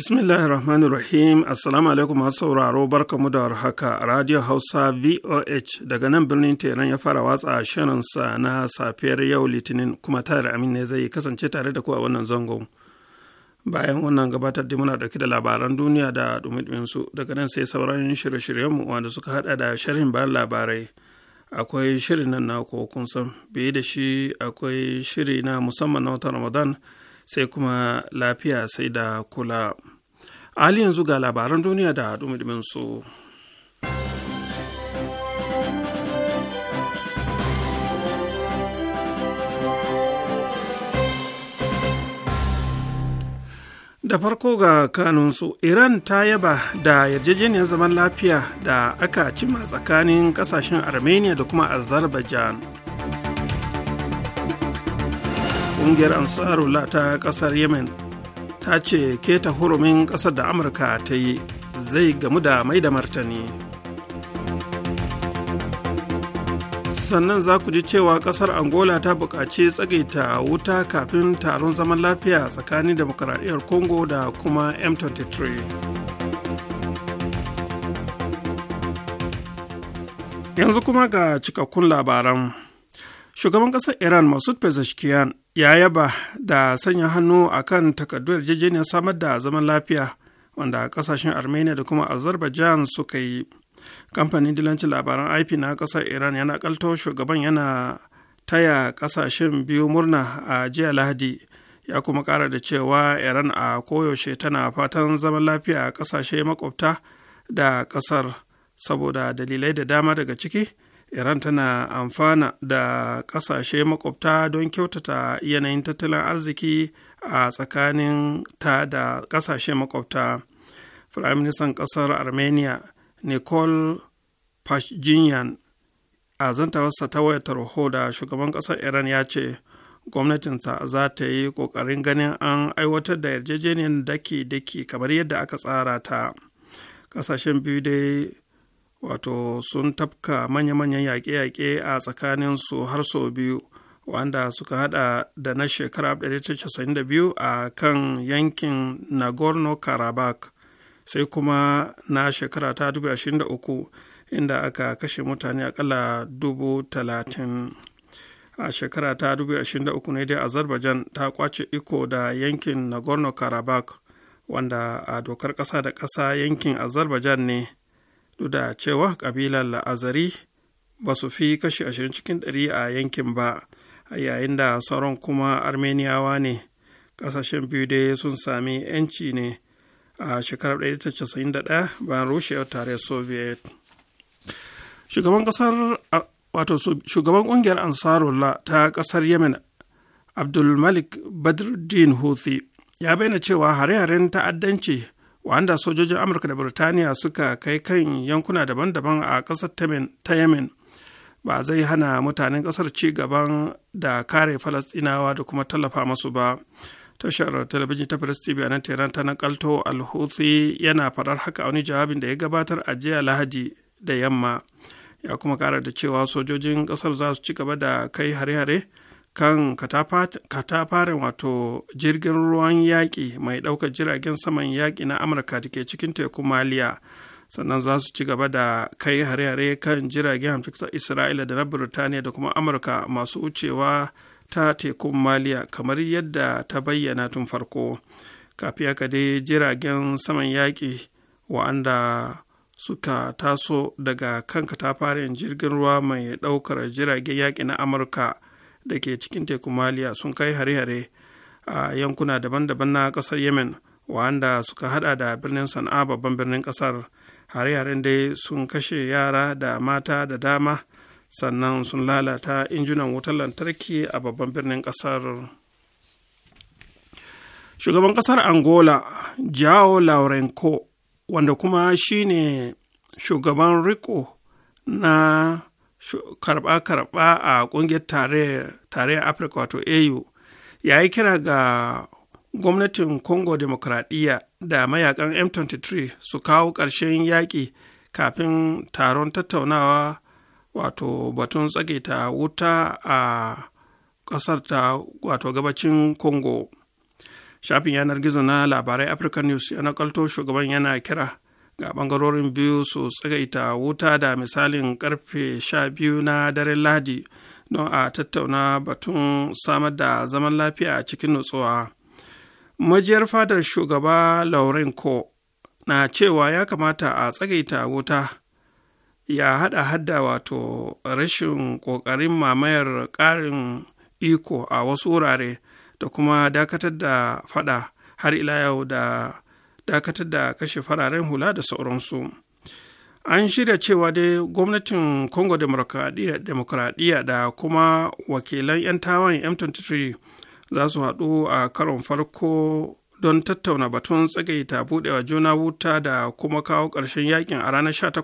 Bismillahirrahmanirrahim. Rahim. Assalamu alaikum masu sauraro barkamu da haka. Radio Hausa VOH daga nan birnin Teran ya fara watsa shirinsa na safiyar yau Litinin kuma tare Amin ne zai kasance tare da ku a wannan zangon. Bayan wannan gabatar da muna dauke da labaran duniya da dumi su daga nan sai sauran shirye shiryen mu wanda suka hada da sharhin bayan labarai. Akwai shirin nan na kun san, biye da shi akwai shiri na musamman na watan Ramadan. sai kuma lafiya sai da kula. Ali yanzu ga labaran duniya da dumudumin su. da farko ga kanunsu iran ta yaba da yarjejeniyar zaman lafiya da aka cima tsakanin kasashen armenia da kuma azerbaijan ƙungiyar ansarullah ta ƙasar yemen ta ce keta hurumin ƙasar da amurka ta yi zai gamu da mai da martani sannan za ku ji cewa ƙasar angola ta buƙaci tsagaita wuta kafin taron zaman lafiya tsakanin demokaradiyyar congo da kuma m23 yanzu kuma ga cikakkun labaran shugaban ƙasar iran masud pezeshkian ya yaba da sanya hannu a kan takardu yarjejeniyar samar da zaman lafiya wanda ƙasashen armenia da kuma azerbaijan suka yi kamfanin dilancin labaran ip na ƙasar iran yana kalto shugaban yana taya ƙasashen biyu murna a jiya lahadi ya kuma ƙara da cewa iran a koyaushe tana fatan zaman lafiya a ƙasashe makwabta da ƙasar saboda dalilai da dama daga ciki iran tana amfana da ƙasashe makwabta don kyautata yanayin tattalin arziki a tsakanin ta da ƙasashe makwabta firaministan ƙasar armenia nicole pashinyan a zantawarsa ta wayar tarho da shugaban ƙasar iran ya ce gwamnatinsa za ta yi ƙoƙarin ganin an aiwatar da yarjejeniyar daki-daki kamar yadda aka tsara ta ƙasashen biyu dai wato sun tafka manya-manyan yaƙe-yaƙe a tsakanin su har sau biyu wanda suka hada da na shekara 1992 a kan yankin nagorno-karabakh sai kuma na shekara ta 2023 inda aka kashe mutane akalla dubu talatin a shekara ta 2023 ne dai azerbaijan ta kwace iko da yankin nagorno-karabakh wanda a dokar ƙasa da ƙasa yankin azerbaijan ne duk da cewa kabilar la'azari ba su fi kashi ashirin cikin ɗari a yankin ba a yayin da sauran kuma armeniyawa ne ƙasashen biyu dai sun sami 'yanci ne a shekarar 1991 bayan rushewar tare soviet shugaban ƙasar wato shugaban ƙungiyar ansarullah ta ƙasar yemen abdulmalik badruddin houthi ya bayyana cewa hare-haren ta'addanci wanda sojojin amurka da birtaniya suka kai kan yankuna daban-daban a ƙasar ta yemen ba zai hana mutanen ƙasar ci gaban da kare falastinawa da kuma tallafa masu ba tashar talabijin ta press tv a nan tehran ta nakalto alhuthi yana faɗar haka wani jawabin da ya gabatar a jiya lahadi da yamma ya kuma kara da cewa sojojin ƙasar za su ci gaba da kai hare-hare kan katafaren wato jirgin ruwan yaƙi mai ɗaukar jiragen saman yaƙi na amurka da ke cikin tekun maliya sannan za su ci gaba da kai hare-hare kan jiragen hamfikisar isra'ila da na birtaniya da kuma amurka masu wucewa ta tekun maliya kamar yadda ta bayyana tun farko kafin haka dai jiragen saman yaƙi wa'anda suka taso daga kan katafaren jirgin ruwa mai ɗaukar jiragen yaƙi na amurka da ke cikin teku maliya sun kai hare-hare a yankuna daban-daban na ƙasar yemen wanda suka hada da birnin sana'a babban birnin ƙasar hare-haren dai sun kashe yara da mata da dama sannan sun lalata injunan wutar lantarki a babban birnin ƙasar shugaban ƙasar angola jao laurenco wanda kuma shine shugaban riko na karɓa-karɓa a ƙungiyar a afirka wato au ya yi kira ga gwamnatin congo demokradiyya da mayakan m23 su kawo ƙarshen yaƙi kafin taron tattaunawa wato batun tsagaita wuta a ƙasar ta wato gabacin congo shafin yanar gizo na labarai african news yana kalto shugaban yana kira ga ɓangarorin biyu su tsagaita wuta da misalin karfe sha biyu na daren Ladi don a tattauna batun samar da zaman lafiya a cikin nutsuwa majiyar fadar shugaba lauren ko na cewa ya kamata a tsagaita wuta ya hada hada wato rashin ƙoƙarin mamayar ƙarin iko a wasu wurare da kuma dakatar da fada har ila yau da dakatar da kashe fararen hula da sauransu an shirya cewa dai gwamnatin congo demokradiyya da kuma wakilan 'yan tawon m23 za su haɗu a karon farko don tattauna batun tsagaita buɗewa juna wuta da kuma kawo ƙarshen yakin a ranar 18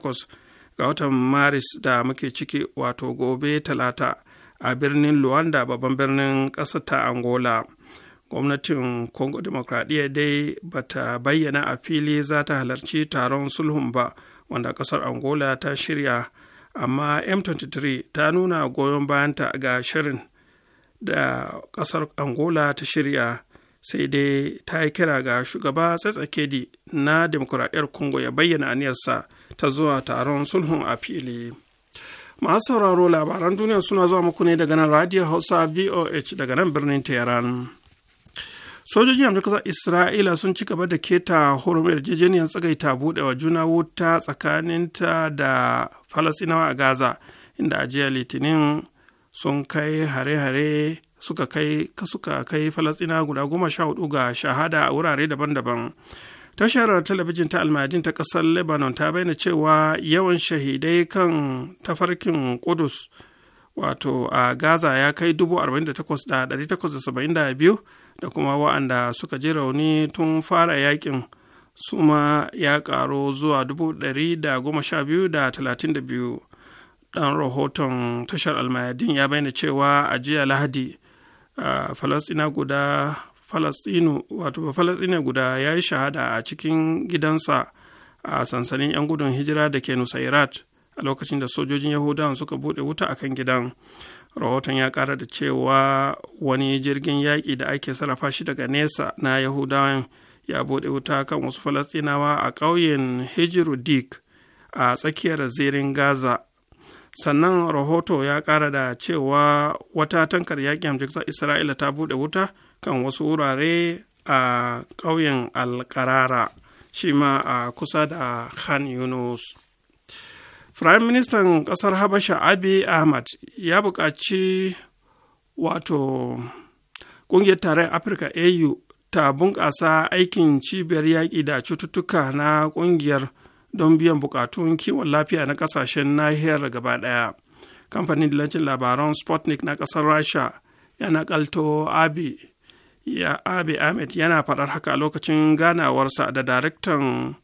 ga watan maris da muke ciki wato gobe talata a birnin luanda babban birnin ƙasar ta angola gwamnatin congo demokradiyya dai bata bayyana a fili za ta halarci taron sulhun ba wanda kasar angola ta shirya amma m23 ta nuna goyon bayanta ga shirin da kasar angola ta shirya sai dai ta yi kira ga shugaba tsatsakedi na demokradiyyar congo ya bayyana aniyarsa ta zuwa taron sulhun a fili masu sauraro labaran duniya suna zuwa muku ne daga nan radio hausa voh daga nan birnin tehran sojojin amurka kasar isra'ila sun ci gaba da keta horon yarjejeniyar tsagaita buɗewa juna wuta tsakaninta da falasinawa a gaza inda ajiya litinin sun kai hare-hare suka kai suka kai falasina guda goma sha hudu ga shahada a wurare daban-daban tashar talabijin ta almadin ta kasar lebanon ta bayyana cewa yawan shahidai kan tafarkin kudus wato a gaza ya kai da biyu da kuma wa'anda suka ji rauni tun fara yakin suma ya karo zuwa 112,032 ɗan rahoton tashar almayadin ya bayyana cewa a jiya lahadi falastina guda falastinu guda ya yi shahada a cikin gidansa a sansanin 'yan gudun hijira da ke nusairat a lokacin da sojojin yahudawan suka bude wuta akan gidan rahoton ya kara da cewa wani jirgin yaƙi da ake sarrafa shi daga nesa na yahudawan ya buɗe wuta kan wasu falastinawa a ƙauyen hijiru dik a tsakiyar zirin gaza sannan rahoto ya ƙara da cewa wata tankar yaƙi za isra'ila ta buɗe wuta kan wasu wurare a ƙauyen alkarara shi ma a kusa da khan yunus Firayim Ministan ƙasar Habasha Abi Ahmad ya buƙaci wato ƙungiyar tarayyar Afirka AU ta bunƙasa aikin cibiyar yaƙi da cututtuka na ƙungiyar don biyan buƙatun kiwon lafiya na ƙasashen nahiyar gaba ɗaya. Kamfanin dillancin labaran Sputnik na ƙasar Rasha yana ƙalto Abi ya Ahmed yana faɗar haka lokacin ganawarsa da daraktan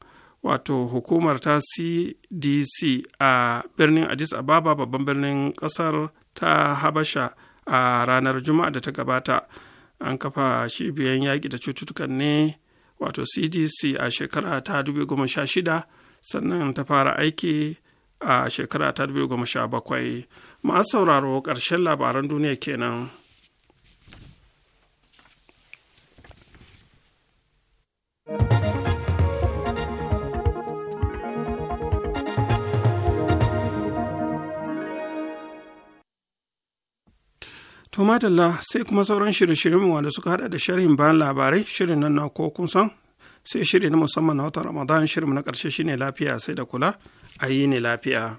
wato hukumar ta cdc a birnin addis ababa babban birnin kasar ta habasha a ranar juma'a da ta gabata an kafa shibiyan yaƙi da cututtukan ne wato cdc a shekara ta 2016 sannan ta fara aiki a shekara ta 2017 masu sauraro ƙarshen labaran duniya kenan. To madalla sai kuma sauran shirye-shiryen wanda suka hada da sharhin bayan labarai shirin nan na ko kun san sai shiri na musamman na watan Ramadan shirin na karshe shine lafiya sai da kula a yi ne lafiya.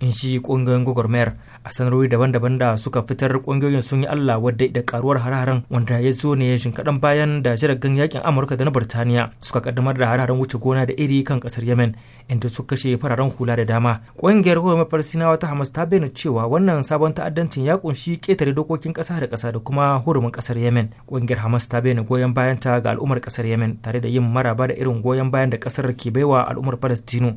in shi kungiyoyin gwagwarmayar a sanarwar daban-daban da suka fitar kungiyoyin sun yi Allah wadda da karuwar hararen wanda ya zo ne shin bayan da jiragen yakin Amurka da na Burtaniya suka kaddamar da hararen wuce gona da iri kan kasar Yemen inda suka kashe fararen hula da dama Ƙungiyar hukumar Falasinawa ta Hamas ta bayyana cewa wannan sabon ta'addancin ya kunshi ketare dokokin ƙasa da kasa da kuma hurumin kasar Yemen Ƙungiyar Hamas ta bayyana goyon bayanta ga al'ummar kasar Yemen tare da yin maraba da irin goyon bayan da kasar ke baiwa al'ummar Falastinu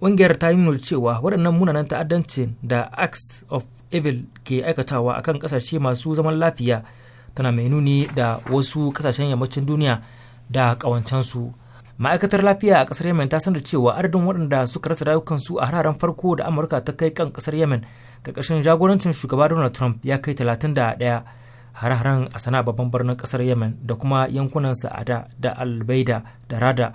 ƙungiyar ta yi nuna cewa waɗannan munanan ta'addanci da acts of evil ke aikatawa akan kasashe masu zaman lafiya tana mai nuni da wasu kasashen yammacin duniya da ƙawancensu ma'aikatar lafiya a ƙasar yemen ta sanar cewa adadin waɗanda suka rasa rayukansu a hararen farko da amurka ta kai kan ƙasar yemen ƙarƙashin jagorancin shugaba donald trump ya kai talatin 31 har-haren a sana babban birnin ƙasar yemen da kuma yankunan sa'ada da albaida da rada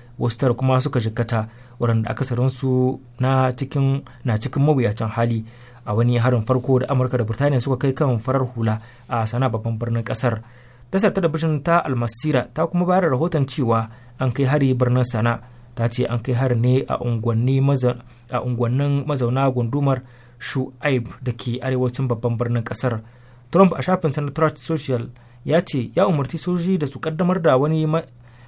wasu tara kuma suka jikkata waɗanda akasarinsu na cikin na cikin mawuyacin hali a wani harin farko da amurka da birtaniya suka kai kan farar hula a sana babban birnin kasar tasar ta ta almasira ta kuma bayar rahoton cewa an kai hari birnin sana ta ce an kai hari ne a unguwannin mazauna gundumar shu'aib da ke arewacin babban birnin kasar trump a shafin na social ya ce ya umarci soji da su kaddamar da wani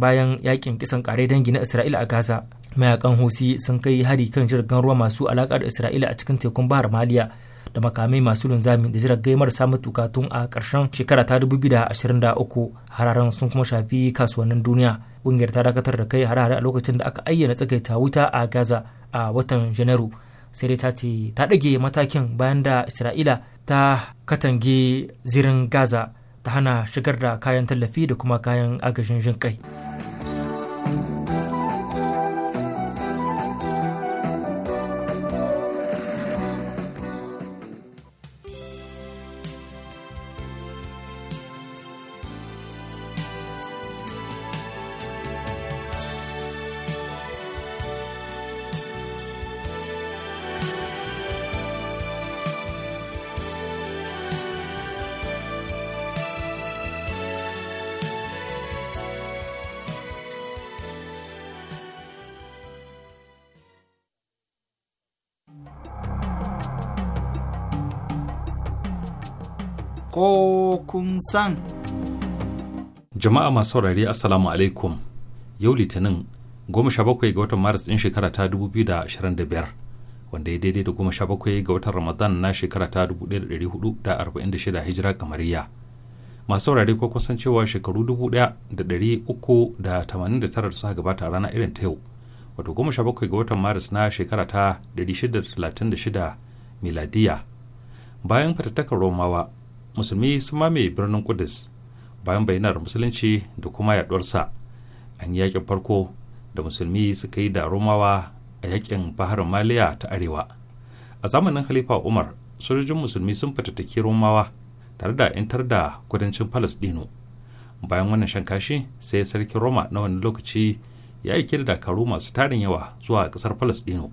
bayan yakin kisan kare dangi na isra'ila a gaza mayakan husi sun kai hari kan jirgin ruwa masu alaka da isra'ila a cikin tekun bahar maliya da makamai masu linzami da jiragai marasa matuka tun a ƙarshen shekara ta 2023 hararen sun kuma shafi kasuwannin duniya ƙungiyar ta dakatar da kai harare a lokacin da aka ayyana tsagaita wuta a gaza a watan janairu sai dai ta ce ta ɗage matakin bayan da isra'ila ta katange zirin gaza ta hana shigar da kayan tallafi da kuma kayan agajin jin kai. kun san. Jama'a masu saurari Assalamu alaikum. Yau Litinin goma sha bakwai ga watan Maris ɗin shekara ta dubu biyu da ashirin da biyar wanda ya daidai da goma sha bakwai ga watan Ramadan na shekara ta dubu ɗaya da ɗari hudu da arba'in da shida hijira kamariya. Masu saurari ko kusan cewa shekaru dubu ɗaya da ɗari uku da tamanin da tara da suka gabata a rana irin ta yau. Wato goma sha bakwai ga watan Maris na shekara ta ɗari shida da talatin da shida miladiya. Bayan fatattakar Romawa musulmi sun mame birnin kudus bayan bayyanar musulunci da kuma yaduwarsa an yi yakin farko da musulmi suka yi da romawa a yaƙin baharin maliya ta arewa a zamanin halifa umar sojojin musulmi sun fatattaki romawa tare da 'yantar da kudancin palestino bayan wannan shankashi sai sarkin roma na wani lokaci ya yi da dakaru masu tarin yawa zuwa kasar palestino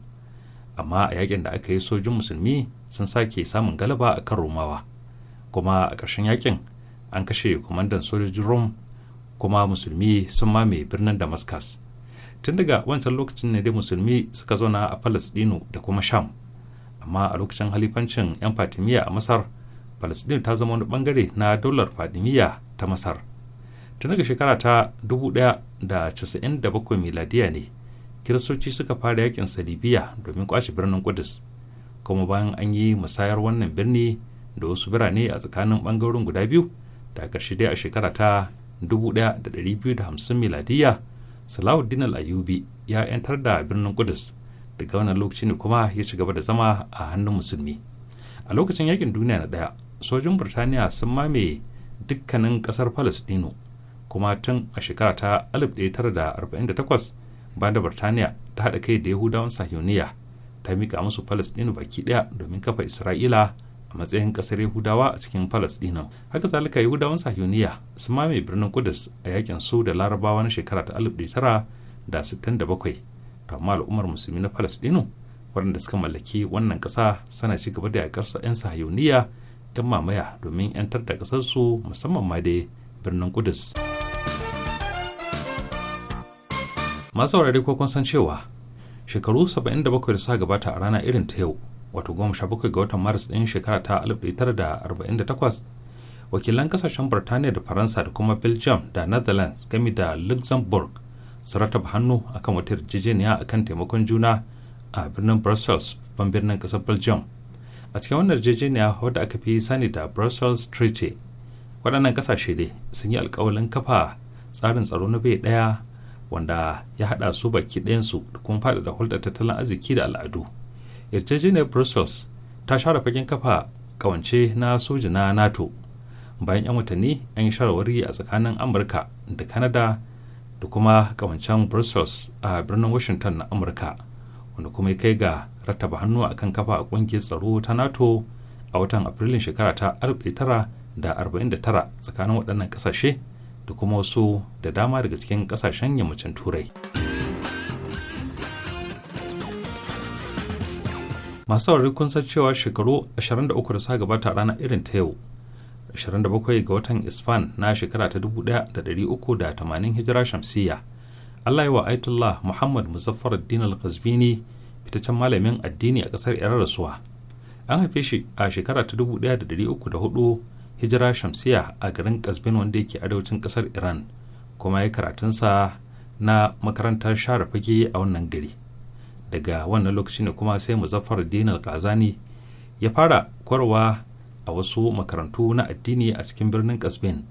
amma a yaƙin da aka yi sojin musulmi sun sake samun galaba a kan romawa kuma a ƙarshen yakin an kashe kwamandan sojojin rom kuma musulmi sun mame birnin damascus tun daga wancan lokacin ne dai musulmi suka zauna a palestino da kuma sham amma a lokacin halifancin 'yan fatimiyya a masar palestino ta zama wani bangare na daular fatimiyya ta masar tun daga shekara ta da da bakwai miladiya ne kiristoci suka fara yakin salibiya domin kwashe birnin kudus kuma bayan an yi musayar wannan birni da wasu birane a tsakanin bangarorin guda biyu da ƙarshe dai a shekara ta 1250 miladiyya salahuddin al-ayubi ya 'yantar da birnin kudus daga wannan lokaci ne kuma ya ci gaba da zama a hannun musulmi a lokacin yakin duniya na daya sojin burtaniya sun mamaye dukkanin kasar palestino kuma tun a shekara ta 1948 bayan da burtaniya ta haɗa kai da yahudawan sahiyoniya ta mika musu palestino baki daya domin kafa isra'ila matsayin kasar yahudawa a cikin palestina haka zalika yahudawan sahiyoniya su mamaye birnin kudus a yakin su da larabawa na shekara ta 1967 to amma al'ummar musulmi na palestino waɗanda suka mallaki wannan kasa sana ci gaba da sa 'yan sahiyoniya 'yan mamaya domin 'yantar da ƙasarsu musamman ma dai birnin kudus masu saurare ko kun san cewa shekaru 77 da suka gabata a rana irin ta yau wato 17 ga watan maris ɗin shekara ta 1948 wakilan kasashen birtaniya da faransa da kuma belgium da netherlands gami da luxembourg su rataba hannu akan wata yarjejeniya akan taimakon juna a birnin brussels ban birnin kasar belgium a cikin wannan yarjejeniya wadda aka fi sani da brussels treaty waɗannan kasashe ne sun yi alkawalin kafa tsarin tsaro na bai ɗaya wanda ya haɗa su baki ɗayansu da kuma faɗaɗa hulɗar tattalin arziki da al'adu yarjejeniyar brussels ta share fagen kafa kawance na soja na nato bayan 'yan watanni yan yi shawarwari a tsakanin amurka da kanada da kuma kawancen brussels a birnin washington na amurka wanda kuma ya kai ga rattaba hannu a kan kafa a kungiyar tsaro ta nato a watan afrilun shekara ta 1949 tsakanin waɗannan ƙasashe da kuma wasu da dama daga cikin ƙasashen yammacin turai. masu saurari kun san cewa shekaru 23 da suka gabata rana irin ta yau 27 ga watan isfan na shekara ta 1380 hijira shamsiyya allah yi wa aitullah muhammad muzaffar addin al-qazvini fitaccen malamin addini a kasar iran rasuwa an haife shi a shekara ta 1304 hijira shamsiyya a garin kasbin wanda yake arewacin kasar iran kuma ya karatunsa na makarantar share fage a wannan gari daga wannan lokaci ne kuma sai muzaffar dinar kazani ya fara kwarwa a wasu makarantu na addini a cikin birnin kasbin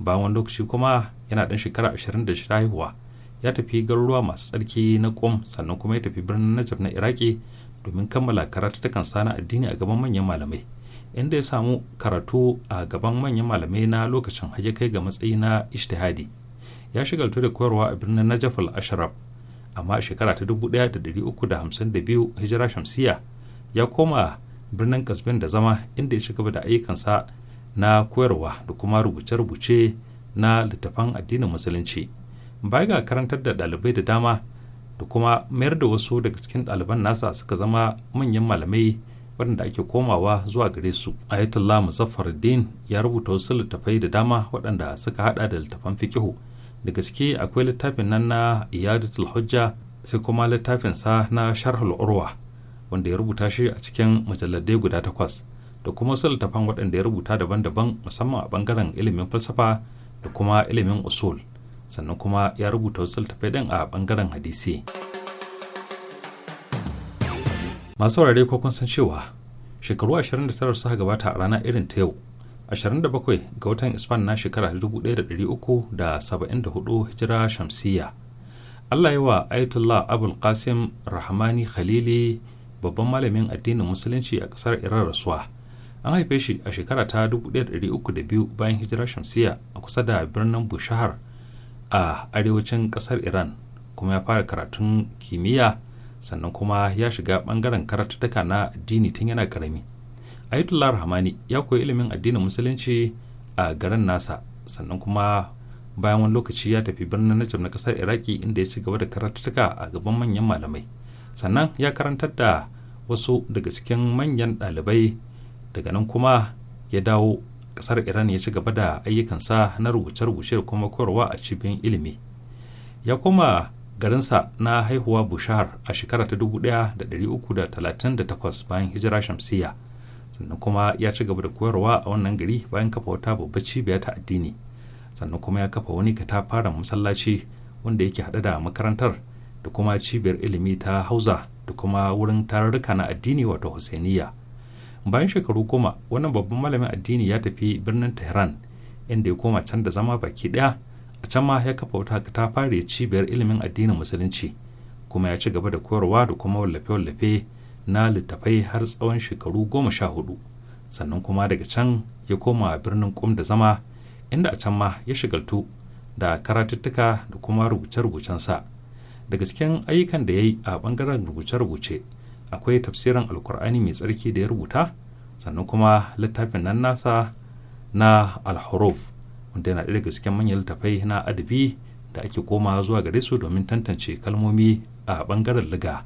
bayan wani lokaci kuma yana ɗan shekara 26 haihuwa ya tafi garuruwa masu tsarki na kom sannan kuma ya tafi birnin najaf na iraki domin kammala kansa na addini a gaban manyan malamai inda ya samu karatu a gaban manyan malamai na lokacin hajji kai ga matsayi na ishtihadi ya shigaltu da koyarwa a birnin najaf al-ashraf amma a shekara ta 1352 hijira shamsiya ya koma birnin kasbin da zama inda ya shiga da ayyukansa na koyarwa da kuma rubuce-rubuce na littafan addinin musulunci baya ga karantar da ɗalibai da dama da kuma mayar da wasu daga cikin ɗaliban nasa suka zama manyan malamai waɗanda ake komawa zuwa gare su ayatollah din ya rubuta wasu littafai da dama waɗanda suka hada da littafan fikihu da gaske akwai littafin nan na iyadatul hujja sai kuma littafin sa na sharhul urwa wanda ya rubuta shi a cikin mujalladai guda takwas da kuma wasu littafan waɗanda ya rubuta daban-daban musamman a bangaren ilimin falsafa da kuma ilimin usul sannan kuma ya rubuta wasu littafai ɗin a bangaren hadisi masu wurare ko kun san cewa shekaru 29 suka gabata a rana irin ta yau 27 ga watan isfan na shekara 1374 hijira shamsiyya allah yi wa ayatollah abul qasim rahmani khalili babban malamin addinin musulunci a kasar iran rasuwa an haife shi a shekara ta 1302 bayan hijira shamsiyya a kusa da birnin bushahar a arewacin kasar iran kuma ya fara karatun kimiyya sannan kuma ya shiga bangaren karatattaka na addini tun yana ƙarami. Ayatollah Rahmani ya koyi ilimin addinin musulunci a garin nasa sannan kuma bayan wani lokaci ya tafi birnin Najaf na kasar Iraki inda ya ci gaba da karatuttuka a gaban manyan malamai sannan ya karantar da wasu daga cikin manyan ɗalibai daga nan kuma ya dawo kasar Iran ya ci gaba da ayyukansa na rubuce-rubuce da kuma koyarwa a cibiyar ilimi ya koma garinsa na haihuwa Bushar a shekara ta 1338 bayan hijira shamsiyya sannan kuma ya ci gaba da koyarwa a wannan gari bayan kafa wata babbar cibiya ta addini sannan kuma ya kafa wani katafaren masallaci wanda yake hada da makarantar da kuma cibiyar ilimi ta hauza da kuma wurin tararruka na addini wato hussainiya bayan shekaru goma wannan babban malamin addini ya tafi birnin tehran inda ya koma can da zama baki daya a can ma ya kafa wata katafare cibiyar ilimin addinin musulunci kuma ya ci gaba da koyarwa da kuma wallafe-wallafe na littafai har tsawon shekaru goma sha hudu sannan kuma daga can ya koma birnin kum da zama inda a can ma ya shigaltu da karatuttuka da kuma rubuce-rubucensa daga cikin ayyukan da ya yi a bangaren rubuce-rubuce akwai tafsirin alkur'ani mai tsarki da ya rubuta sannan kuma littafin nan nasa na alhuruf wanda yana daga cikin manyan littafai na adabi da ake koma zuwa gare su domin tantance kalmomi a bangaren liga.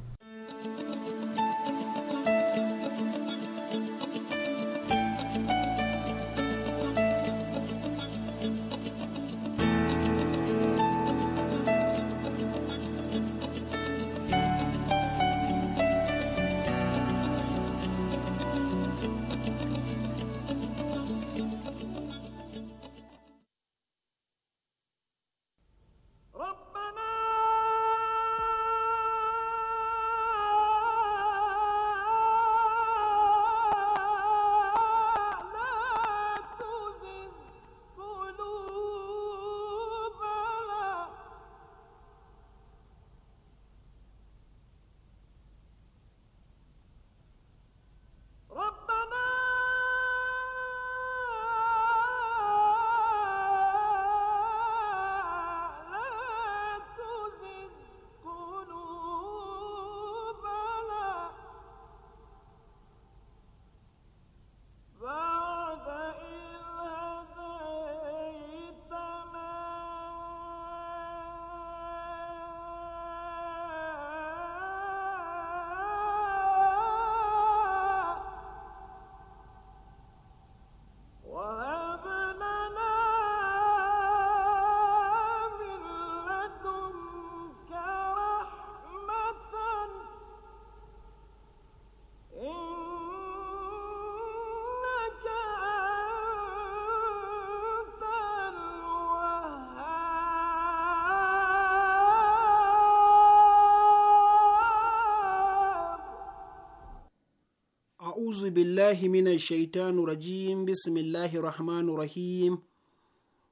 a'uzu billahi minash shaitanu rajim bismillahi rahmanu rahim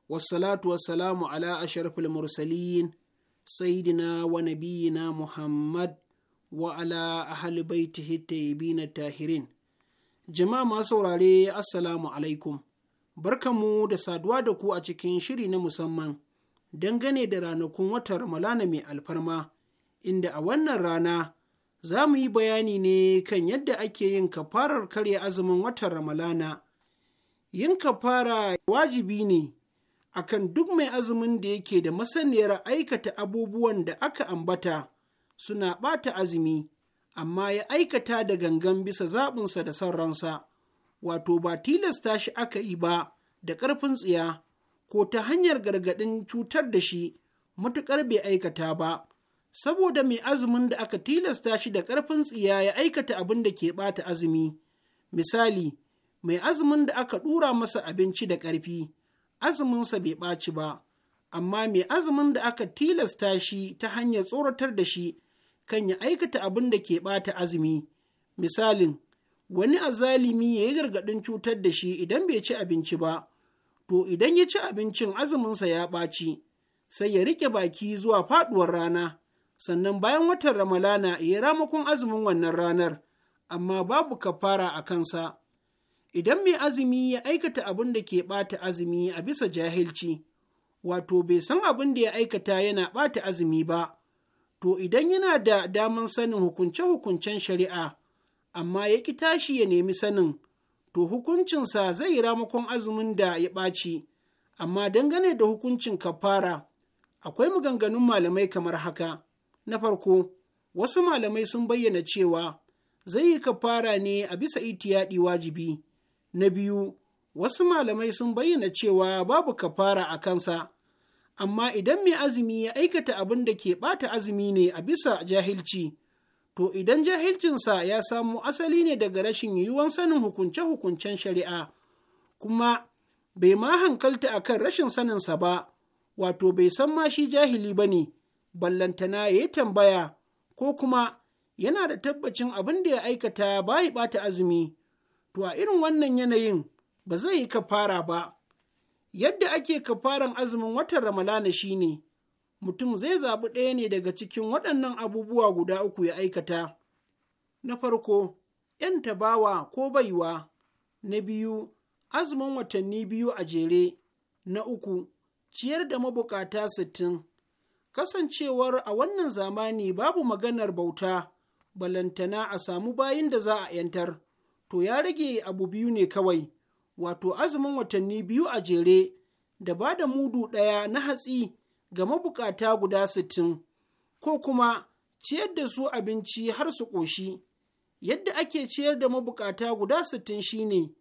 wassalatu wassalamu ala asharfil mursalin sayyidina wa nabiyina muhammad wa ala ahli baitihi na tahirin jama'a masu saurare assalamu alaikum barkamu da saduwa da ku a cikin shiri na musamman dangane da ranakun watan ramalana mai alfarma inda a wannan rana za mu yi bayani ne kan yadda ake yin kafarar karya azumin watan Ramalana. Yin kafara wajibi ne akan duk mai azumin da yake da masaniyar aikata abubuwan da aka ambata suna ɓata azumi, amma ya aikata da gangan bisa zaɓinsa da son wato ba tilasta shi aka yi ba da ƙarfin tsiya ko ta hanyar gargaɗin cutar da shi matuƙar bai aikata ba. saboda mai azumin da aka tilasta shi da ƙarfin tsiya ya aikata abin da ke bata azumi. Misali, mai azumin da aka ɗura masa abinci da ƙarfi, azuminsa bai ɓaci ba, amma mai azumin da aka tilasta shi ta hanyar tsoratar da shi kan ya aikata abin da ke ɓata azumi. Misalin, wani azalimi ya yi gargaɗin cutar da shi idan bai ci abinci ba, to idan ya ci abincin azuminsa ya ɓaci, sai ya riƙe baki zuwa faɗuwar rana. sannan bayan watan Ramalana ya ramakon azumin wannan ranar, amma babu kafara a kansa. Idan mai azumi ya aikata abin da ke ɓata azumi a bisa jahilci, wato bai san abin da ya aikata yana ɓata azumi ba, to idan yana da daman sanin hukunce-hukuncen shari'a, amma ya ƙi tashi ya nemi sanin, to hukuncinsa zai yi ramakon azumin da ya ɓaci, amma dangane da hukuncin kafara, akwai maganganun malamai kamar haka. Na farko, wasu malamai sun bayyana cewa zai yi kafara ne a bisa itiyaɗi wajibi. Na biyu, wasu malamai sun bayyana cewa babu kafara a kansa, amma idan mai azumi ya aikata abin da ke ɓata azumi ne a bisa jahilci, to idan jahilcinsa ya samo asali ne daga rashin yiwuwan sanin hukunce-hukuncen shari'a, kuma bai ma hankalta akan rashin saninsa ba, wato bai san ma shi jahili ba ne. ballantana ya yi tambaya ko kuma yana da tabbacin abin da ya aikata ba ya ɓata azumi, to a irin wannan yanayin ba zai yi kafara ba. Yadda ake kafaran azumin watan Ramalana shi ne, mutum zai zaɓi ɗaya ne daga cikin waɗannan abubuwa guda uku ya aikata. Na farko, ‘yan tabawa ko baiwa, na biyu, azumin watanni biyu a jere, na uku, ciyar da mabukata sittin, kasancewar a wannan zamani babu maganar bauta balantana a samu bayin da za a ‘yantar, to ya rage abu biyu ne kawai, wato azumin watanni biyu a jere da ba da mudu ɗaya na hatsi ga mabukata guda sittin, ko kuma ciyar da su abinci har su ƙoshi. Yadda ake ciyar da mabukata guda sittin shine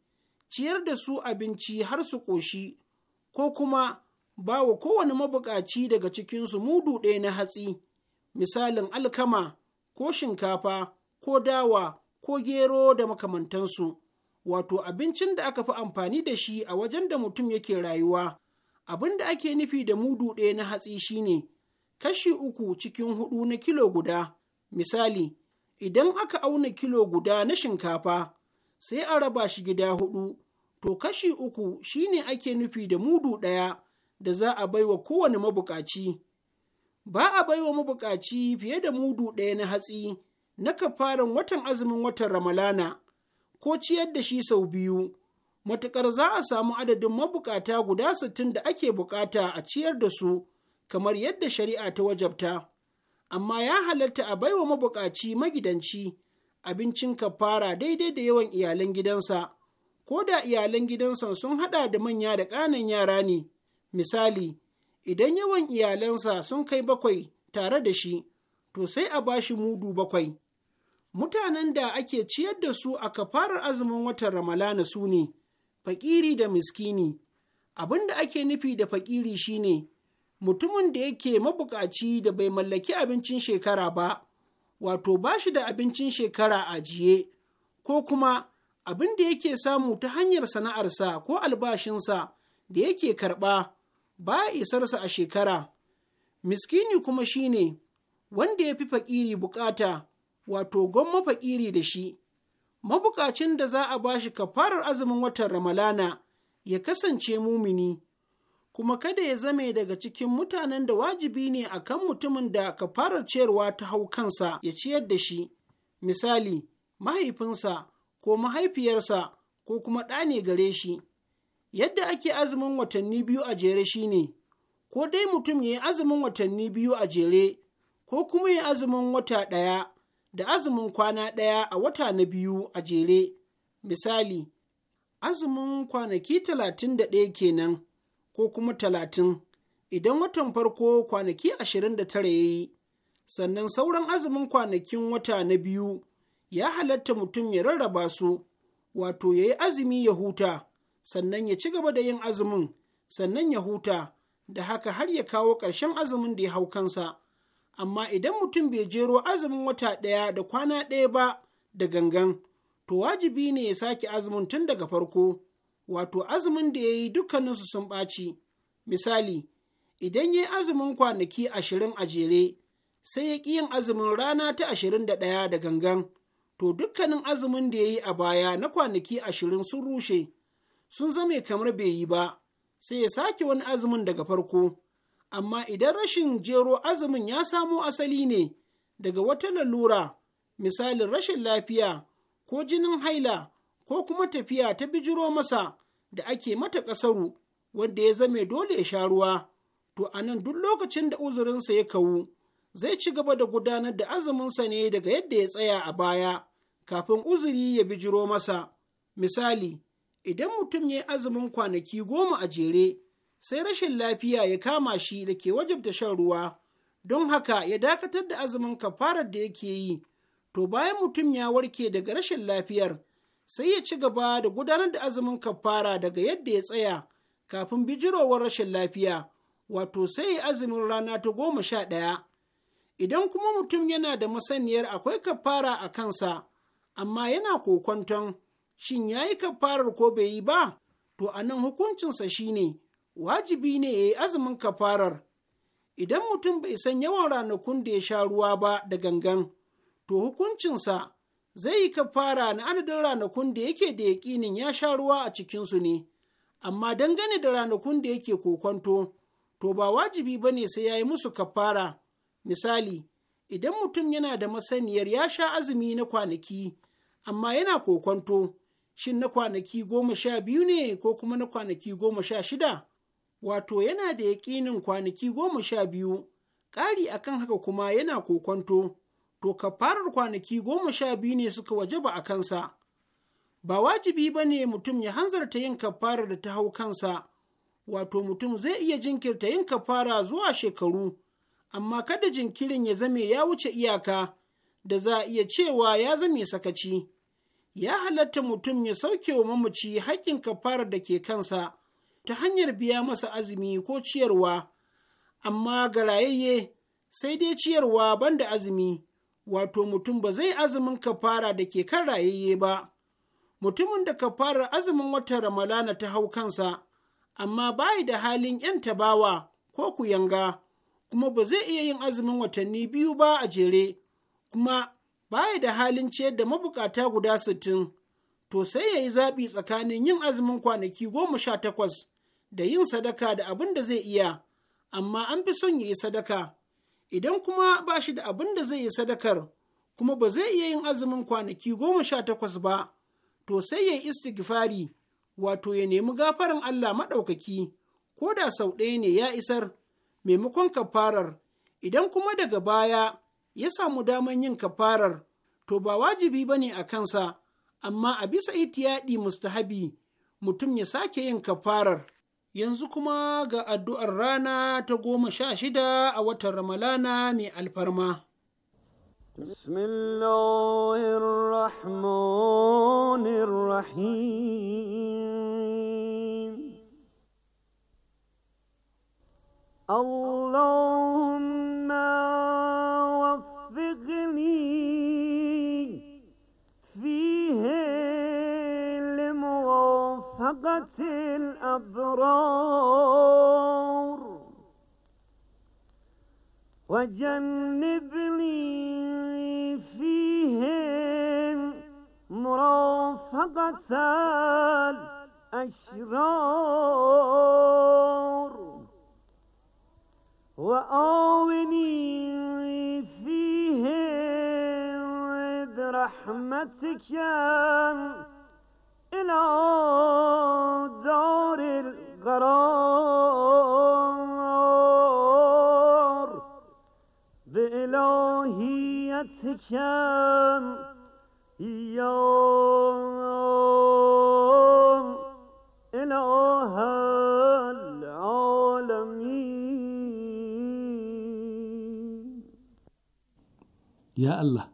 ciyar da su abinci har su ƙoshi, ko kuma ba wa kowane mabukaci daga cikinsu mudu ɗaya na hatsi, misalin alkama, ko shinkafa, ko dawa, ko gero da makamantansu, wato abincin da aka fi amfani da shi a wajen da mutum yake rayuwa. Abin da ake nufi da mudu ɗaya na hatsi shine kashi uku cikin hudu na kilo guda. Misali, idan aka auna kilo guda na shinkafa, sai a raba shi gida hudu, to kashi uku shine ake nufi da mudu ɗaya. da za a baiwa kowane mabukaci ba a baiwa mabukaci fiye da mudu ɗaya na hatsi na kafaran watan azumin watan ramalana ko ciyar da shi sau biyu matuƙar za a samu adadin mabukata guda sittin da ake bukata a ciyar da su kamar yadda shari'a ta wajabta amma ya halatta a baiwa mabukaci magidanci abincin kafara daidai da yawan iyalan gidansa ko da iyalan gidansa sun haɗa da manya da ƙanan yara ne Misali, idan yawan iyalansa sun kai bakwai tare da shi, to sai a bashi mudu bakwai. Mutanen da ake ciyar da su a kafarar azumin watan Ramalana su ne, fakiri da miskini. Abin da ake nufi da fakiri shine mutumin da yake mabukaci da bai mallaki abincin shekara ba, wato bashi da abincin shekara a jiye, ko kuma abin da yake samu ta hanyar sana'arsa ko albashinsa da yake karɓa ba isarsa a shekara miskini kuma shi ne, wanda ya fi faƙiri bukata wato gwamma mafaƙiri da shi mabukacin da za a ba bashi kafarar azumin watan ramalana ya kasance mumini kuma kada ya zame daga cikin mutanen da wajibi ne a kan mutumin da kafarar ciyarwa ta hau kansa ya ciyar da shi misali mahaifinsa ko mahaifiyarsa ko kuma ɗane ne gare shi yadda ake azumin watanni biyu a jere shine ko dai mutum ya yi azumin watanni biyu a jere ko kuma ya azumin wata ɗaya da azumin kwana ɗaya a wata na biyu a jere misali azumin kwanaki talatin da ɗaya kenan ko kuma talatin idan watan farko kwanaki ashirin da tara ya yi sannan sauran azumin kwanakin wata na biyu ya halatta mutum ya rarraba su wato ya yi azumi ya huta sannan ya ci gaba da yin azumin sannan ya huta da haka har ya kawo ƙarshen azumin da ya hau kansa amma idan mutum bai jero azumin wata ɗaya da kwana ɗaya ba da gangan to wajibi ne ya sake azumin tun daga farko wato azumin da ya yi dukkaninsu sun ɓaci misali idan ya yi azumin kwanaki ashirin a jere sai ya ƙi yin azumin rana ta ashirin da ɗaya da gangan to dukkanin azumin da ya yi a baya na kwanaki ashirin sun rushe sun zame kamar bai yi ba sai ya sake wani azumin daga farko amma idan rashin jero azumin ya samo asali ne daga wata lalura misalin rashin lafiya ko jinin haila ko kuma tafiya ta bijiro masa da ake mata ƙasaru wanda ya zame dole ya sha ruwa to a nan duk lokacin da uzurinsa ya kawu zai ci gaba da gudanar da azuminsa ne daga yadda ya tsaya a baya kafin uzuri ya bijiro masa misali idan mutum ya yi azumin kwanaki goma a jere sai rashin lafiya ya kama shi da ke wajabta shan ruwa don haka ya dakatar da azumin kafarar da yake yi to bayan mutum ya warke daga rashin lafiyar sai ya ci gaba da gudanar da azumin kafara daga yadda ya tsaya kafin bijirowar rashin lafiya wato sai ya azumin rana ta goma sha ɗaya idan kuma mutum yana da masaniyar akwai kafara a kansa amma yana kokonton shin ya yi kafarar ko bai yi ba to a nan hukuncinsa shi ne, wajibi ne ya yi azumin kafarar idan mutum bai san yawan ranakun da ya sha ruwa ba da gangan to hukuncinsa zai yi kafara na adadin ranakun da yake da yaƙinin ya sha ruwa a cikinsu ne amma dangane da ranakun da yake kokonto to ba wajibi ba ne sai ya yi musu kafara misali idan mutum yana da masaniyar ya sha azumi na kwanaki amma yana kokonto shin na kwanaki goma sha biyu ne ko kuma na kwanaki goma sha shida wato yana da yaƙinin kwanaki goma sha biyu ƙari akan haka kuma yana kokonto to ka kafarar kwanaki goma sha biyu ne suka waje ba a kansa ba wajibi ba ne mutum ya hanzarta yin kafara da ta hau kansa wato mutum zai iya jinkirta yin kafara zuwa shekaru amma kada jinkirin ya zame ya wuce iyaka da za a iya cewa ya zame sakaci ya halatta mutum ya sauke wa mamaci haƙƙin kafarar da ke kansa ta hanyar biya masa azumi ko ciyarwa, amma ga rayayye sai dai ciyarwa banda azumi, wato mutum ba zai azumin kafara da ke kan rayayye ba. Mutumin da kafarar azumin watan Ramalana ta hau kansa, amma bayi da halin ‘yan tabawa ko kuyanga, kuma ba zai iya yin azumin watanni biyu ba a jere, kuma baya da halin ciyar da mabukata guda sittin, to sai ya yi zaɓi tsakanin yin azumin kwanaki goma sha takwas da yin sadaka da abin da zai iya, amma an fi son ya yi sadaka. Idan kuma ba shi da abin da zai yi sadakar, kuma ba zai iya yin azumin kwanaki goma sha takwas ba, to sai ya yi istighfari, wato ya nemi gafarin Allah maɗaukaki, ko da sau ɗaya ne ya isar, maimakon kafarar, idan kuma daga baya ya samu daman yin kafarar to ba wajibi ba ne a kansa amma a bisa itiyaɗi mustahabi mutum ya sake yin kafarar yanzu kuma ga addu'ar rana ta goma sha shida a watan ramalana mai alfarma Allahumma حقت الأبرار وجنبني فيهم مرافقة الأشرار وآوني فيهم برحمتك إلى دار القرار بإلهيتك يا إله العالمين يا الله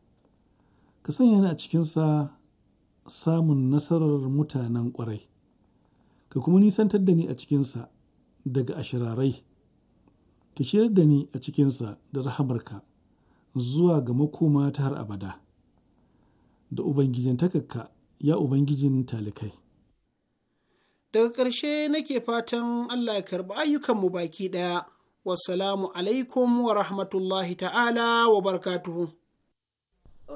ka sanya ni a cikinsa samun nasarar mutanen ƙwarai ka kuma nisantar da ni a cikinsa daga ashirarai ka shirar da ni a cikinsa da rahamarka zuwa ga makoma ta har abada da ubangijin takakka ya ubangijin talikai daga ƙarshe nake fatan allah ya karɓi ayyukanmu baki ɗaya wasalamu alaikum wa rahmatullahi ta'ala wa barkatuhu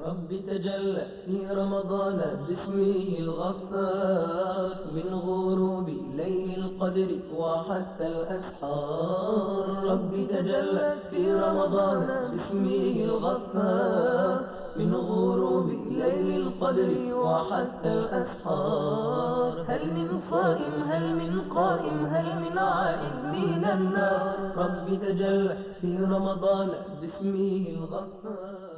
رب تجلى في رمضان باسمه الغفار من غروب ليل القدر وحتى الأسحار رب تجلى في رمضان باسمه الغفار من غروب ليل القدر وحتى الأسحار هل من صائم هل من قائم هل من عائد من النار رب تجلى في رمضان باسمه الغفار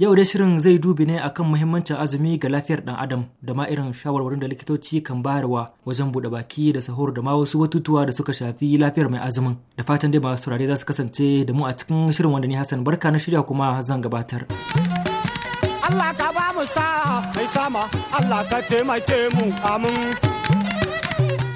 Yau dai shirin zai dubi ne akan muhimmancin azumi ga lafiyar ɗan adam da ma irin shawarwarin da likitoci kan bayarwa wajen buɗe baki da sahur da ma wasu batutuwa da suka shafi lafiyar mai azumin. Da fatan dai masu turare za su kasance da mu a cikin shirin wanda ni Hassan barka na shirya kuma zan gabatar. Allah ka ba mu sa'a mai sama Allah ka taimake mu amin.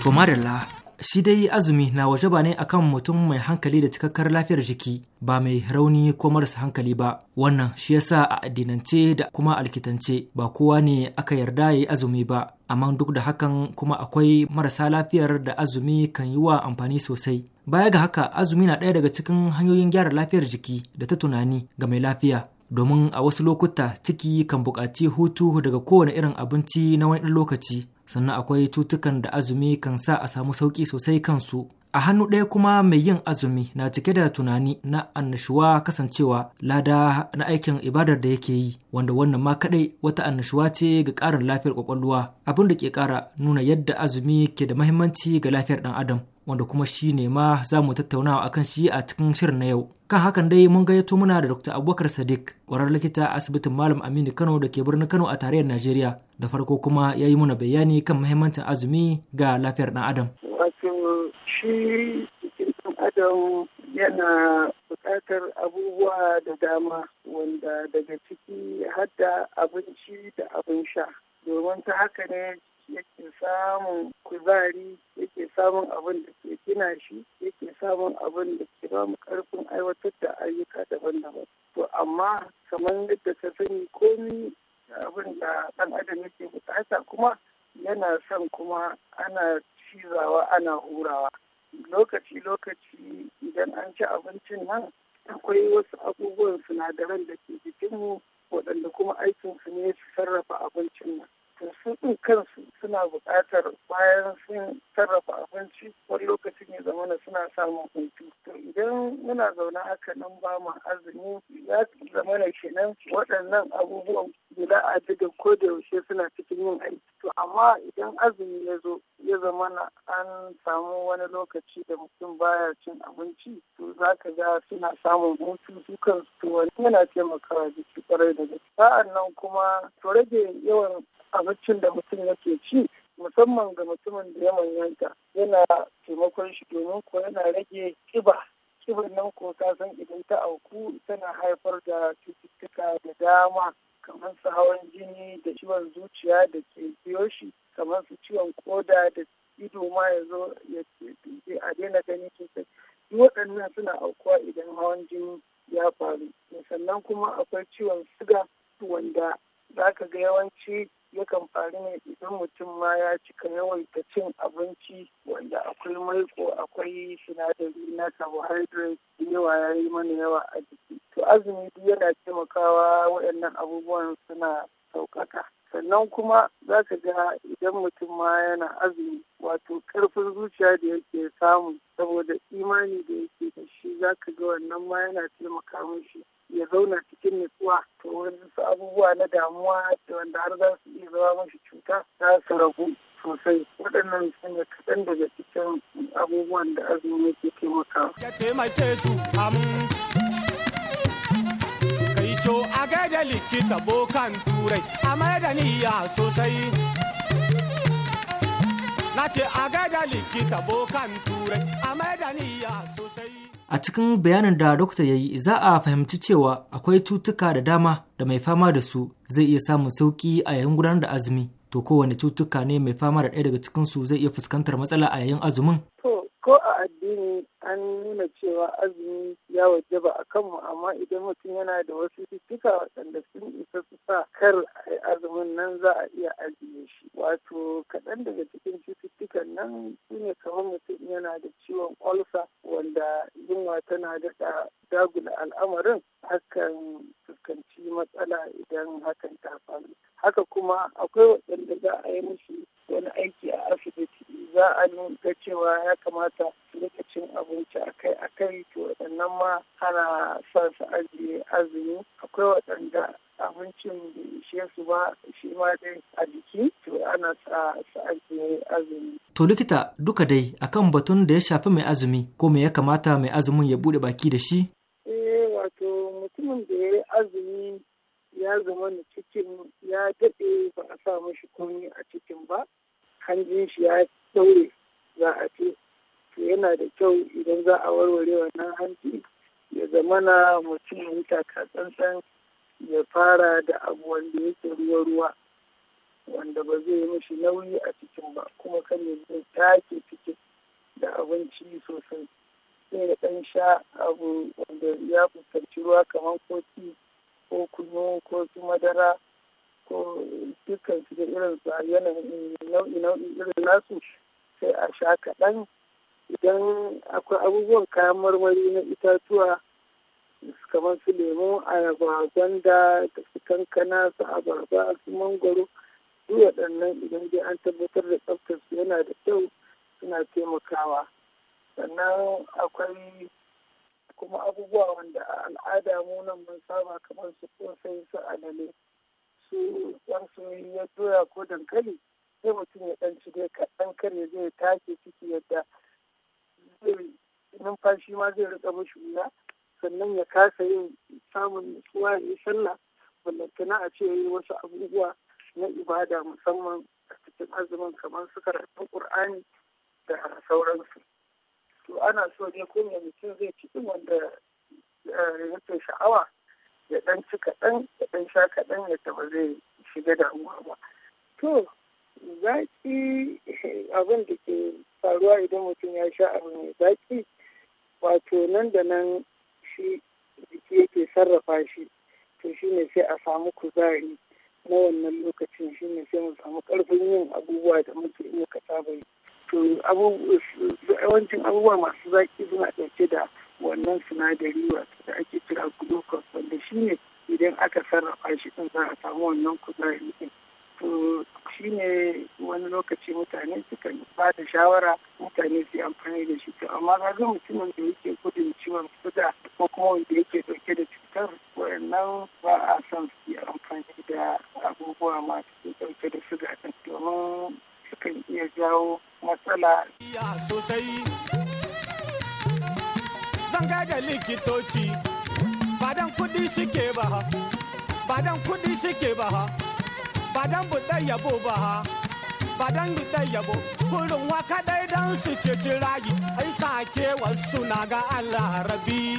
To madalla shi dai azumi na waje ba ne akan mutum mai hankali da cikakkar lafiyar jiki ba mai rauni ko marasa hankali ba wannan shi yasa a addinance da kuma alkitance ba kowa ne aka yarda ya yi azumi ba amma duk da hakan kuma akwai marasa lafiyar da azumi kan yi wa amfani sosai baya ga haka azumi na ɗaya daga cikin hanyoyin gyara lafiyar jiki da ta tunani ga mai lafiya domin a wasu lokuta ciki kan buƙaci hutu daga kowane irin abinci na wani ɗan lokaci sannan akwai cutukan da azumi kan sa a samu sauƙi sosai kansu a hannu ɗaya kuma mai yin azumi na cike da tunani na annashuwa kasancewa lada na aikin ibadar da yake yi wanda wannan ma kaɗai wata annashuwa ce ga ƙarin lafiyar ƙwaƙwalwa abin da ke ƙara nuna yadda azumi ke da mahimmanci ga lafiyar ɗan adam wanda kuma shi ne ma za mu tattauna a kan shi a cikin shirin na yau kan hakan dai mun gayyato muna da dr abubakar sadiq ƙwarar likita a asibitin malam aminu kano da ke birnin kano a tarayyar najeriya da farko kuma ya yi muna bayani kan mahimmancin azumi ga lafiyar ɗan adam shi cikin adam yana buƙatar abubuwa da dama wanda daga ciki hadda abinci da abin sha domin ta haka ne yake samun kuzari yake samun abin da ke gina shi yake samun abin da ke ba mu karfin aiwatar da ayyuka daban-daban to amma kamar yadda ka sani komi abin da ɗan adam yake buƙata kuma yana son kuma ana cizawa ana hurawa lokaci-lokaci idan an ci abincin nan akwai wasu abubuwan sinadaran da ke jikinmu waɗanda kuma aikinsu ne su sarrafa abincin nan. to su ɗin kansu suna buƙatar bayan sun sarrafa abinci wani lokacin ya zamana suna samun hutu to idan muna zaune haka nan ba mu azumi ya zamana kenan waɗannan abubuwan guda a ko da yaushe suna cikin yin aiki to amma idan azumi ya zo ya zama na an samu wani lokaci da mutum baya cin abinci to za ka ga suna samun hutu su wani yana taimakawa jiki kwarai da gaske sa'an nan kuma to rage yawan abincin da mutum yake ci musamman ga mutumin da ya manyanta yana taimakon shi domin ko yana rage kiba kibar nan ko ta san idan ta auku tana haifar da cututtuka da dama kamar su hawan jini da ciwon zuciya da ke biyo shi kamar su ciwon koda da ido ma ya zo ya ce a daina gani sosai duk waɗannan suna aukuwa idan hawan jini ya faru sannan kuma akwai ciwon siga wanda za ka ga yawanci yakan faru ne idan mutum ma ya cika yawaita cin abinci wanda akwai maiko akwai sinadari na carbohydrate yawa ya yi mana yawa a jiki to azumi duk yana taimakawa waɗannan abubuwan suna sauƙaƙa sannan kuma za ka ga idan mutum ma yana azumi wato karfin zuciya da yake samu saboda imani da yake da shi za ka ga wannan ma yana taimaka mishi ya zauna cikin nutsuwa to wasu abubuwa na damuwa da wanda har za su iya zama mashi cuta za su ragu sosai waɗannan sun ne kaɗan daga cikin abubuwan da azumi ke taimakawa. Ya taimake su kai co a gaida likita bokan turai a niyya sosai. Na ce a gaida likita bokan turai a niyya sosai. A cikin bayanin da dokta ya yi za a fahimci cewa akwai cutuka da dama da mai fama da su zai iya samun sauƙi a yayin gudanar da azumi. To kowane cutuka ne mai fama da ɗaya daga cikin su zai iya fuskantar matsala a yayin azumin? To ko a addini an nuna cewa azumi ya wajaba a kanmu amma idan mutum yana da wasu cututtuka waɗanda sun isa su sa kar azumin nan za a iya ajiye shi. Wato kaɗan daga cikin cututtuka cututtukan nan shine kamar mutum yana da ciwon olsa wanda yunwa tana daɗa dagula al'amarin hakan fuskanci matsala idan hakan ta faru haka kuma akwai waɗanda za a yi musu wani aiki a asibiti za a ga cewa ya kamata su rika cin abinci akai akai to waɗannan ma ana sa su ajiye azumi akwai waɗanda abincin da su ba shi ma dai a jiki to ana sa su ajiye azumi. To likita duka dai akan batun da ya shafi mai azumi ko me ya kamata mai azumin ya bude baki da shi? Eh wato mutumin da ya azumi ya zama na cikin ya daɗe ba a sa mashi komi a cikin ba hanjin shi ya daure za a ce to yana da kyau idan za a warware wannan hanji ya zama na mutum ya yi tsantsan ya fara da abu wanda yake ruwa-ruwa wanda ba zai yi mishi nauyi a cikin ba kuma kan ya zai take cikin da abinci sosai sai ya ɗan sha abu wanda ya fuskanci ruwa kamar kofi ko kunu ko su madara ko dukkan su da irin su a yanayin nau'i nau'i irin nasu sai a sha kaɗan idan akwai abubuwan kayan marmari na itatuwa kamar su lemu ayaba gwanda da su kankana su abarba su mangoro duk waɗannan idan dai an tabbatar da tsaftar su yana da kyau suna taimakawa sannan akwai kuma abubuwa wanda a al'ada mu nan mun saba kamar su kosai su alale su yan su ya doya ko dankali sai mutum ya ɗan ci dai kaɗan kar ya zai tashi ciki yadda zai numfashi ma zai rika mashi wuya sannan ya kasa yin samun nutsuwa ya yi sallah ballantana a ce ya yi wasu abubuwa na ibada musamman a cikin azumin kamar su karatun ƙur'ani da sauransu to ana so ne ko me mutum zai cikin wanda eh, yake sha'awa ya ɗan ci kaɗan ya ɗan sha kaɗan ya taɓa zai shiga damuwa ba to zaƙi abin da ke faruwa idan mutum ya sha abu mai zaƙi wato nan da nan shi jiki yake sarrafa shi to shi ne sai a samu kuzari na wannan lokacin shi ne sai mu samu karfin yin abubuwa da muke iya ka saba yi to yawancin abubuwa masu zaki suna ɗauke da wannan sinadari wato da ake kira glucose wanda shi ne idan aka sarrafa shi din za a samu wannan kuzari din to shi ne wani lokaci mutane sukan ba da shawara mutane su yi amfani da shi to amma ga mutumin da yake gudun ciwon suga ko kuma wanda yake dauke da cutar nan ba a son su yi amfani da abubuwa masu dauke da suga domin sukan iya jawo matsala. sosai zanga da likitoci badan kudi suke ba badan kudi suke ba badan budan yabo ba badan budan yabo kurin waka dai dan su ceci rayu sake wasu na ga al'arabi.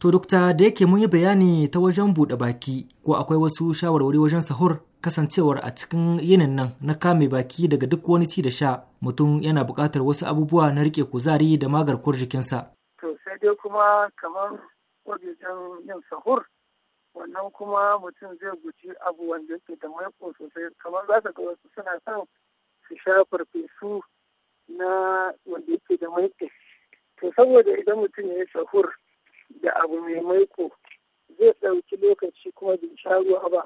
To dokta da yake mun yi bayani ta wajen buɗe baki ko akwai wasu shawarwari wajen sahur kasancewar a cikin yinin nan na kame baki daga duk wani ci da sha mutum yana buƙatar wasu abubuwa na rike kuzari da magarkuwar jikinsa. dai kuma kamar wajejen yin sahur wannan kuma mutum zai guji abu wanda yake da maiko sosai kamar za ka ga wasu suna son su sha farfesu na wanda yake da maiko to saboda idan mutum ya yi sahur da abu mai maiko zai ɗauki lokaci kuma bai sha ruwa ba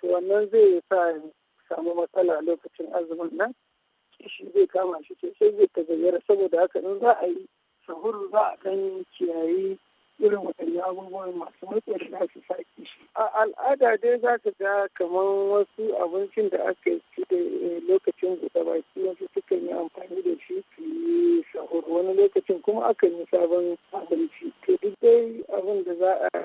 to wannan zai sa samu matsala lokacin azumin nan shi zai kama shi sosai zai ta saboda haka in za a yi sahur za a kan kiyaye irin waɗannan abubuwan masu matsayi da su sake shi. A al'ada dai za ka ga kamar wasu abincin da aka ci da eh, lokacin ba su wasu sukan yi amfani da shi su yi sahur wani lokacin kuma aka yi sabon abinci. To duk dai abin da za a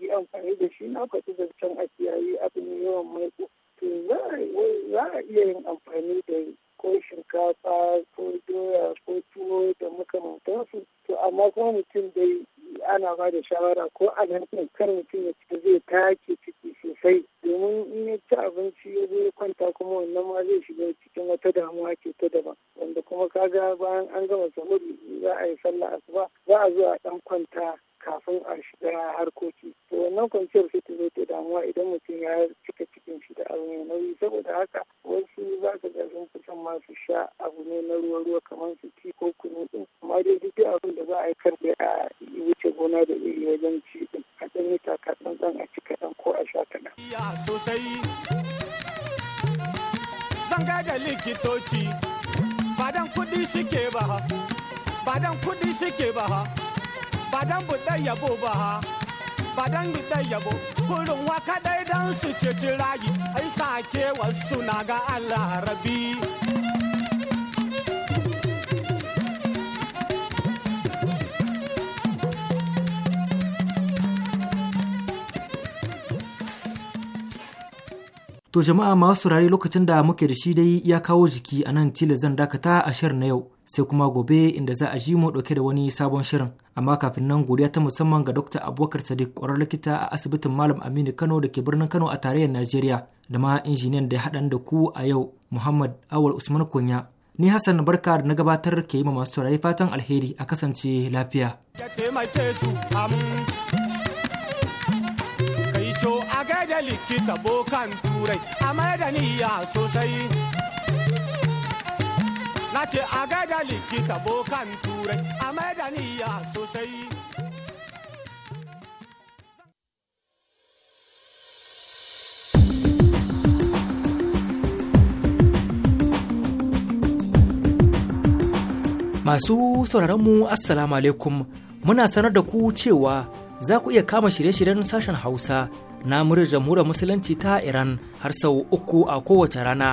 yi amfani da shi na faɗi zancen a kiyaye abin yawan maiko. To za a iya yin amfani da ko shinkafa ko doya ko tuwo da makamantansu to amma kuma mutum dai ana ba da shawara ko a nan kar mutum ya ci zai take ciki sosai domin in ya ci abinci ya zo kwanta kuma wannan ma zai shiga cikin wata damuwa ke ta daban wanda kuma kaga bayan an gama samuri za a yi sallah asuba za a zo a dan kwanta kafin a shiga harkoki to wannan kwanciyar sai ta zo ta damuwa idan mutum ya cika cikin shi da abu mai nauyi saboda haka wasu za ka ga sun fi son masu sha abu ne na ruwa ruwa kamar su ci ko kunu din amma dai duk abin da za a yi kar da a wuce gona da iri wajen ci din a ɗan yi taka tsantsan a ci kaɗan ko a sha kaɗan. sosai zanga da likitoci ba dan kuɗi suke ba dan kuɗi suke ba ba dan buɗe yabo ba ha ba dan buɗe yabo kurin wa kaɗai dan su ceci rayu ai ke wasu na ga Allah To jama'a masu rari lokacin da muke da shi dai ya kawo jiki a nan Chile zan dakata a shirin na yau. sai kuma gobe inda za a ji mu dauke da wani sabon shirin amma kafin nan godiya ta musamman ga dr abubakar sadiq kwarar likita a asibitin malam aminu kano da ke birnin kano a tarayyar najeriya da ma injiniyan da ya haɗan da ku a yau muhammad awal usman kunya ni hassan barka da na gabatar ke yi ma masu saurari fatan alheri a kasance lafiya a likita bokan turai a sosai na ce a gaida likita bokan turai a maidaniya sosai Masu sauraronmu Assalamu alaikum muna sanar da ku cewa za ku iya kama shirye-shiryen sashen Hausa na muryar mura Musulunci ta Iran har sau uku a kowace rana.